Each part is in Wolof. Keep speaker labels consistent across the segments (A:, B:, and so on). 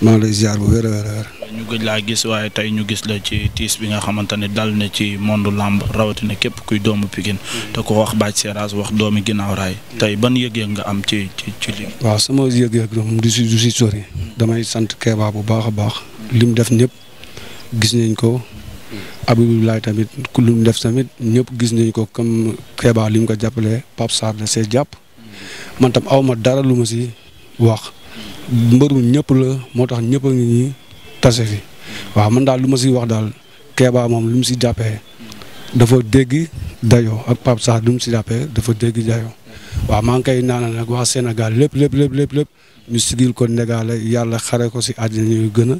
A: maa ngi lay ziar bu wér a wér a wér
B: ñu gëj laa gis waaye tey ñu gis la ci tiis bi nga xamante ne dal na ci monde làmb rawatina képp kuy doomu Pikine mm. te ko wax Bathie Seras wax doomi ginnaaw raay mm. tey ban yëg-yëg nga am ci ci ci waaw
A: sama yëg-yëg moom du si si sori mm. damay sant keebaa bu baax a baax li def ñëpp gis nañ ko Abdoulaye tamit ku def tamit ñëpp gis nañ ko comme Kéba lim ko jàppale Pape Sarr da see jàpp man tam awma dara lu ma si wax mbërum ñëpp la moo tax ñëpp a ngi ñi tase fi waaw man daal lu ma si wax daal Kéba moom lu mu si jàppee dafa dégg dayoo ak Pape Sarr lu mu si jàppee dafa dégg waaw maa ngi koy naanal nag waa Sénégal lépp lépp lépp lépp lépp ñu sigil ko ndegale yàlla xare ko si àddina yu gën a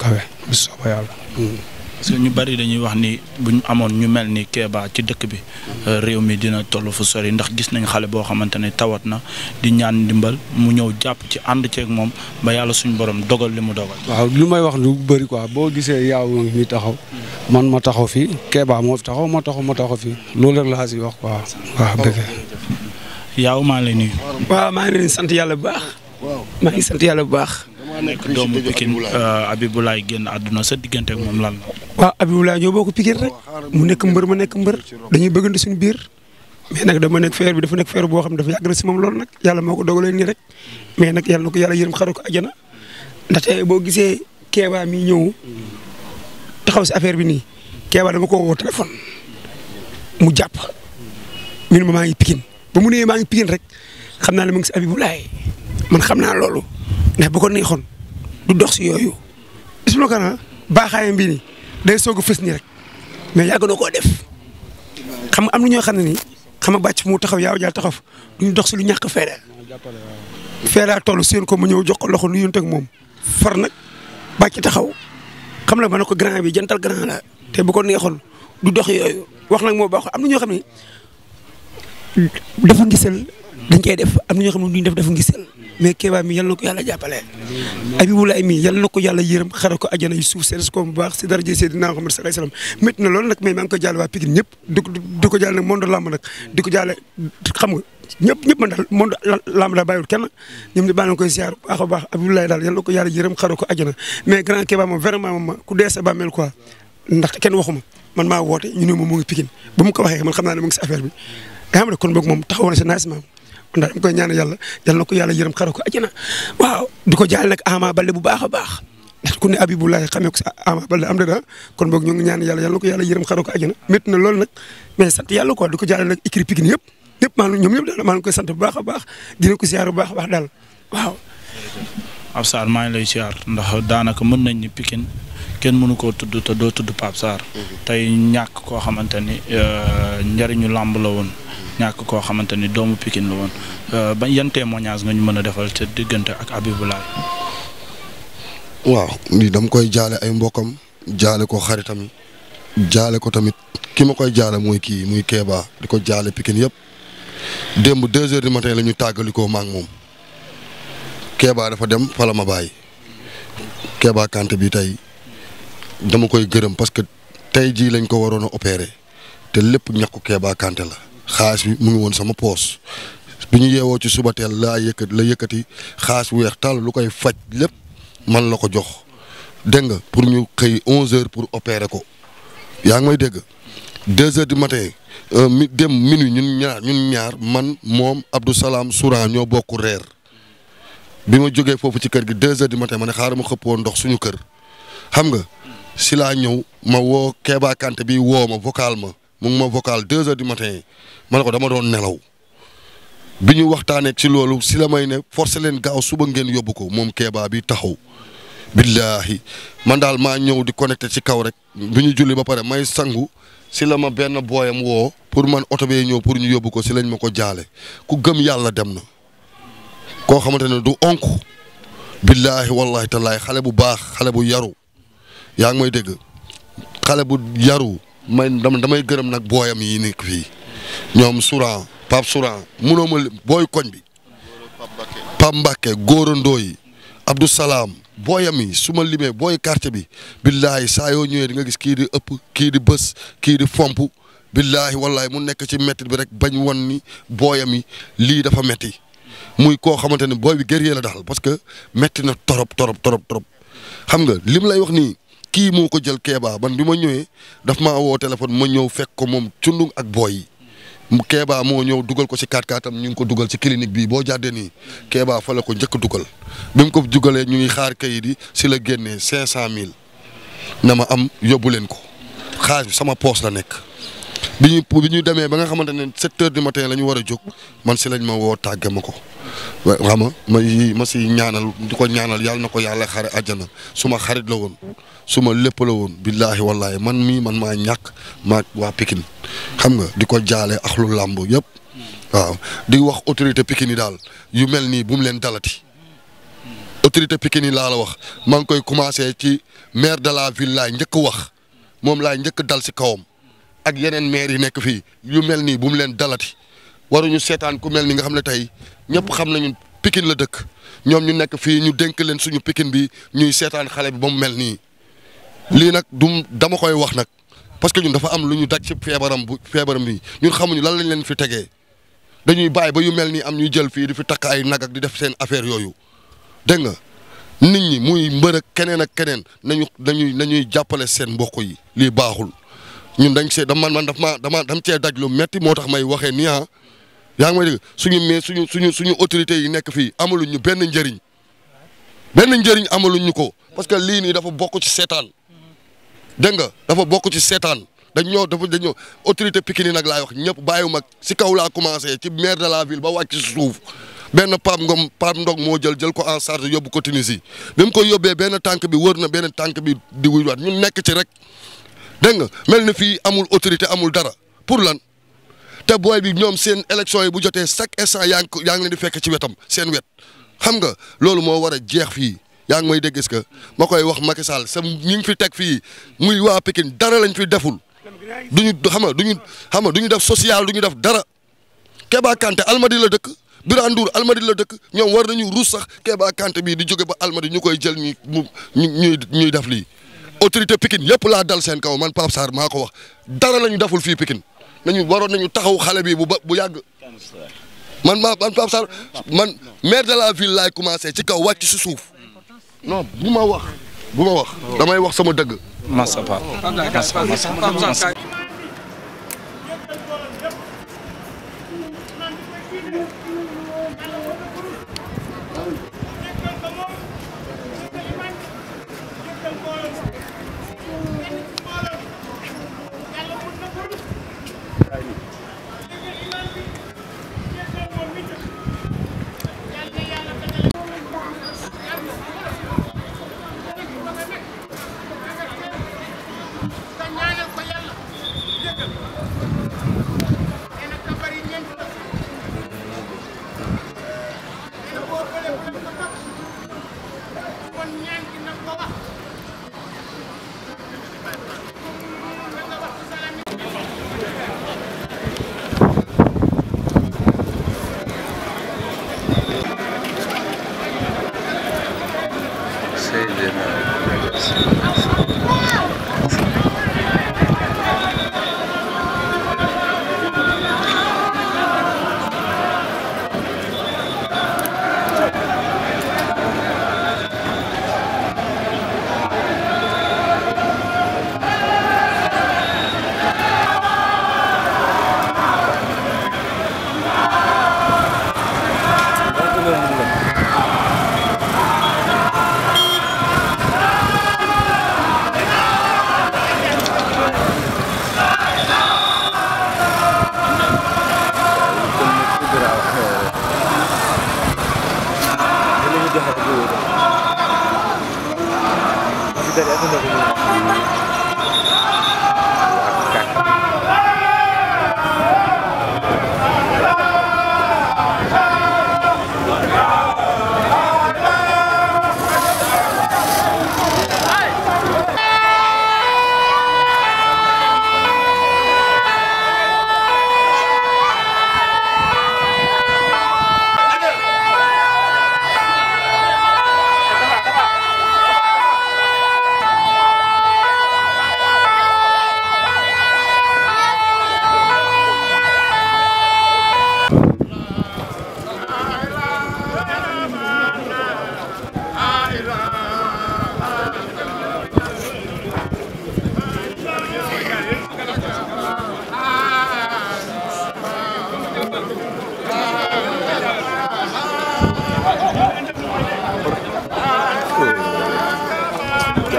A: kawe bi soobee yàlla.
B: parce que ñu bari dañuy wax ni bu ñu amoon ñu mel ni Kéba ci dëkk bi euh, réew mi dina toll fu sori ndax gis nañ xale boo xamante ne tawat na di ñaan ndimbal mu ñëw jàpp ci ànd ceeg moom ba yàlla suñu borom dogal li mu dogal.
A: waaw li may wax lu bëri quoi boo gisee yaaw ngi taxaw man ma taxaw fii Kéba moo taxaw ma taxaw ma taxaw fii loolu rek laa si wax quoi. waaw
B: oh. dëgg yaaw maa ngi lay
C: waaw maa ngi leen sant yàlla bu baax. nekk doomu Pikine
B: euh, Abibulaay génn àdduna sa diggante ak moom lan la.
C: waaw Abibulaay ñoo bokk mu nekk mbër ma nekk mbër dañuy bëggante suñu biir mais nag dama nekk feer dafa nekk feer boo xam ne dafa yàgg na si nii rek mais nag yàlla na ko yàlla yërëm ko àjjana ndaxte boo gisee Kéba mi ñëw taxaw si affaire bi nii Kéba dama ko woo téléphone mu jàpp min ma maa ngi Pikine ba mu nee maa ngi Pikine rek xam naa ne mu ngi si Abibulaay man xam naa loolu. mais bu ko neexoon du dox si yooyu Ismaila Kane baaxaayam bii nii day soog a fës nii rek mais yàgg na def xam nga am na ñoo xam ne nii xam bàcc mu taxaw yaaw jaal taxaw duñu dox si lu ñàkk feere feeraa toll seen ko mu ñëw jox ko loxo nu yónteeg moom far nag bàcc taxaw xam la ba ne ko grand bi jantal grand te bu ko du dox yooyu wax nag moo baax am na ñoo xam ne dafa ngisal dañ koy def am na ñoo xam ne duñ def dafa ngisal mais Kéba mi yal na ko yàlla jàppale. Abibulaay mi yal na ko yàlla yërëm xara ko ajana yu suuf seen ko bu baax si daraja Seydina Muhammad sallallahu alayhi wasallam métti na loolu nag mais maa ngi ko jaale waa Pikine ñëpp di ko di ko jaale nag monde lamb nag di ko jaale xam nga ñëpp ñëpp man daal monde lamb daal bàyyiwul kenn ñoom ñu baax na koy ziar bu baax a baax Abibulaay daal yal na ko yàlla yërëm xara ko ajana mais grand Kéba moom vraiment moom ku dee sa bàmmeel quoi ndax kenn waxuma man maa woote ñu ne moom mu ngi Pikine ba mu ko waxee man xam naa ne mu ngi si affaire bi nga xam ne kon boog moom taxawoon na si naaj maam ndax dama koy ñaanal yàlla yal na ko yàlla yërëm xara ko waaw di ko jaal nag Ama Baldé bu baax a baax ndax ku ne Abibulaay xamee ko si Ama Baldé am na kon boog ñu ngi ñaan yàlla yal ko yàlla yërëm xara ko ajana métti na loolu mais sant yàlla quoi di ko jaal nag écurie yëpp ñëpp maa ñoom ñëpp daal maa ngi koy sant a baax dina ko siyaar bu baax a baax daal
B: ngi lay siyaar ndax daanaka mën nañ ni Pikine kenn mënu koo tudd te doo tudd Pape Sarr mhm. tey ñàkk koo xamante ni euh, njariñu làmb la woon ñàkk koo xamante ni doomu Pikine la woon euh, ba yan témoignage nga ñu mën a defal ca diggante ak Habibou Laye.
D: waaw lii dama koy jaale ay mbokkam jaale ko xaritam jaale ko tamit ki ma koy jaale mooy kii muy Kéba di ko jaale Pikine yëpp démb deux heures du matin la ñu tàggalikoo ma ak moom kebaa dafa dem fa ma baay Kéba Kanté bi tey dama koy gërëm parce que tey jii lañ ko waroon a opérer te lépp ñàkku Kéba Kanté la. xaas bi mu ngi woon sama poos bi ñu yeewoo ci suba teel laa yëkkati la yëkkati xaalis bu weex tàll lu koy faj lépp man la ko jox dégg nga pour ñu xëy 11h pour opérer ko yaa ngi may dégg 2h du matin euh, mi dem minuit ñun ñaar ñun ñaar man moom Abdou Salaam Souran ñoo bokk reer bi ma jógee foofu ci kër gi deux h di matin ma ne xaaral ma xëppoo ndox suñu kër xam nga si laa ñëw ma woo Kéba Kanté bi woo ma vocal ma. mu ngi ma vocal deux heures du matin ma ne ko dama doon nelaw bi ñu waxtaanee ci loolu si la may ne forcé leen gaaw suba ngeen yóbbu ko moom Kéba bi taxaw. billahi man daal maa ñëw di connecté ci kaw rek bi ñu julli ba pare may sangu si la ma benn booyam woo pour man oto bee ñëw pour ñu yóbbu ko si lañ ma ko jaale ku gëm yàlla dem na. koo xamante ne du onk billahi wallahi talaay xale bu baax xale bu yaru yaa ngi may dégg xale bu yaru. man damay gërëm nag booyam yi nekk fii ñoom Souran Pape Souran munoo ma booy koñ bi. Pape Mbacke Gora Ndoye Abdou Salaam booyam yi su ma limee booy quartier bi billaahi saa yoo ñëwee di nga gis kii di ëpp kii di bës kii di fomp billaahi wallaahi mu nekk ci métti bi rek bañ won ni booyam yi lii dafa métti. muy koo xamante ne booy bi guerrier la daal parce que métti na torop torop torop torop xam nga lim lay wax nii. kii moo ko jël keebaa ban bi ma ñëwee dafa ma woo téléphone ma ñëw fekk ko moom cundung ak booy yi Kéba moo ñëw dugal ko si kaat kaatam ñu ngi ko dugal si clinique bi boo jàddee nii Kéba fa la ko njëkk dugal bi mu ko dugalee ñu ngi xaar kayit yi si la génnee cinq cent mille na ma am yóbbu leen ko xaalis sama poos la nekk bi ñu bi ñu demee ba nga xamante ne sept heures du matin la ñu war a jóg man si lañ ma woo tàgge ma ko xam nga ma ma si ñaanal di ko ñaanal yàlla na ko yàlla xare àjjana su ma woon su ma lépp la woon billaahi man mii man maa ñàkk maa waa Pikine xam nga di ko jaale ak lu làmb yëpp waaw di wax autorité pikini daal yu mel nii bu mu leen dalati autorité Pikine yi laa wax maa ngi koy commencé ci maire de la ville laay njëkk wax moom laay njëkk dal si kawam ak yeneen maire yi nekk fii yu mel nii bu mu leen dalati waruñu seetaan ku mel ni nga xam ne tey ñëpp xam nañu pikin la dëkk ñoom ñu nekk fii ñu dénk leen suñu Pikine bi ñuy seetaan xale bi ba mu mel nii. lii nag du dama koy wax nag parce que ñun dafa am lu ñu daj ci feebaram bu feebaram bi ñun xamuñu lan lañ leen fi tegee dañuy bàyyi ba yu mel nii am ñuy jël fii di fi takk ay nag ak di def seen affaire yooyu dégg nga. nit ñi muy mbër ak keneen ak keneen nañu nañuy nañuy jàppale seen mbokk yi lii baaxul. ñun dañ see dama man daf ma dama dam cee daj lu métti moo tax may waxee nii ah. yaa ngi may dégg suñu mais suñu suñu suñu autorités yi nekk fii amaluñ ñu benn njëriñ benn njëriñ amaluñ ñu ko parce que lii nii dafa bokk ci seetaan dégg nga dafa bokk ci seetaan dañ ñoo dafa dañ ñoo autorité Pikine nag laay wax ñëpp bàyyiwuma si kaw laa commencé ci maire de la ville ba wàcc si suuf benn Pape Ngom Pape Ndong moo jël jël ko en charge yóbbu ko Tunisie bi mu ko yóbbee benn tànk bi wër na benn tànk bi di waat ñu nekk ci rek. dégg nga mel na fii amul autorité amul dara pour lan te booy bi ñoom seen élection yi bu jotee chaque instant yaa ngi yaa di fekk ci wetam seen wet xam nga loolu moo war a jeex fii yaa ngi moy dégg est-ce que ma koy wax Macky Sall ñi ngi fi teg fii muy waa Pikine dara lañ fi deful duñu xam xama duñu xam nga duñu def social duñu def dara Keba Kanté Almadi la dëkk Birane Ndour Almadi la dëkk ñoom war nañu ruus sax Keba kante bii di jóge ba Almadi ñu koy jël ñuy ñuy ñuy def lii autorité Pikine yëpp laa dal seen kaw man Pape Sarr maa ko wax dara la ñu deful fii Pikine nañu waroon nañu taxaw xale bi bu ba bu yàgg. man maa man Pape Sarr man maire de la ville laay commencé ci kaw wàcc si suuf no bu ma wax bu ma wax damay wax sama dëgg. Massa Pape Massa Roma.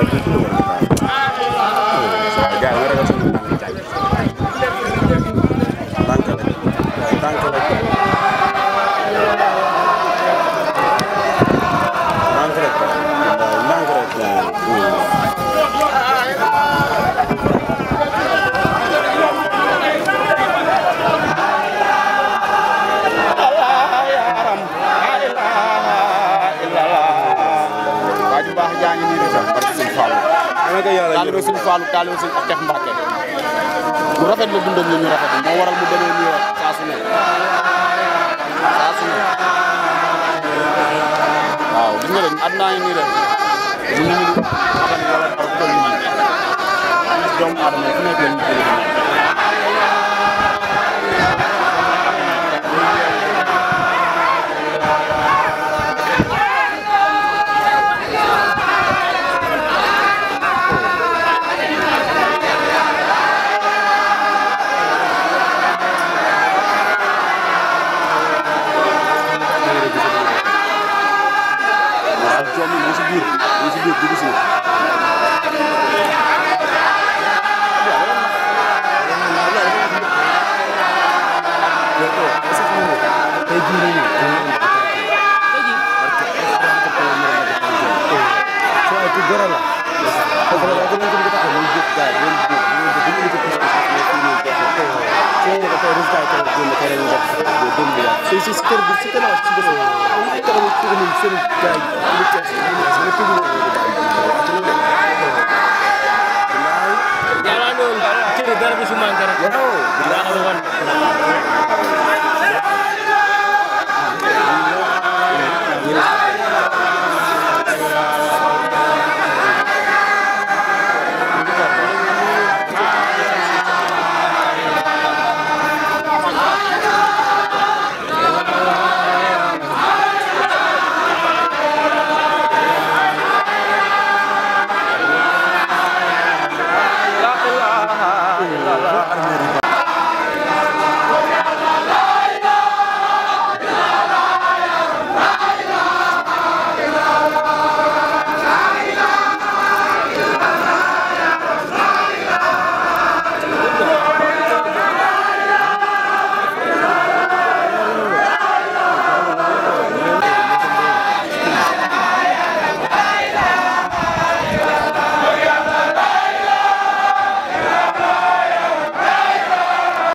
B: Portugal, cultura.
C: taalibe suñu Fallou taalibe suñu ak Cheikh Mbacke mu rafet la dundam ñu ñu rafet moo waral mu demee nii rek
B: saa su ne saa su ne waaw gis nga leen at naa ngi nii rek ñu ngi nii xam ne yàlla doomu aadama fu nekk leen ñu
A: waaw coow mi mu ngi si biir mu ngi si biir dugg si
D: Thank you. 덤벼야
C: 세시 스케르도 스케나 찍어서 일단은 조금은 쓰는 가이 이렇게 해서 이렇게 보고
B: 야라는 제대로 다르고 싶만 가라 야라는 야라는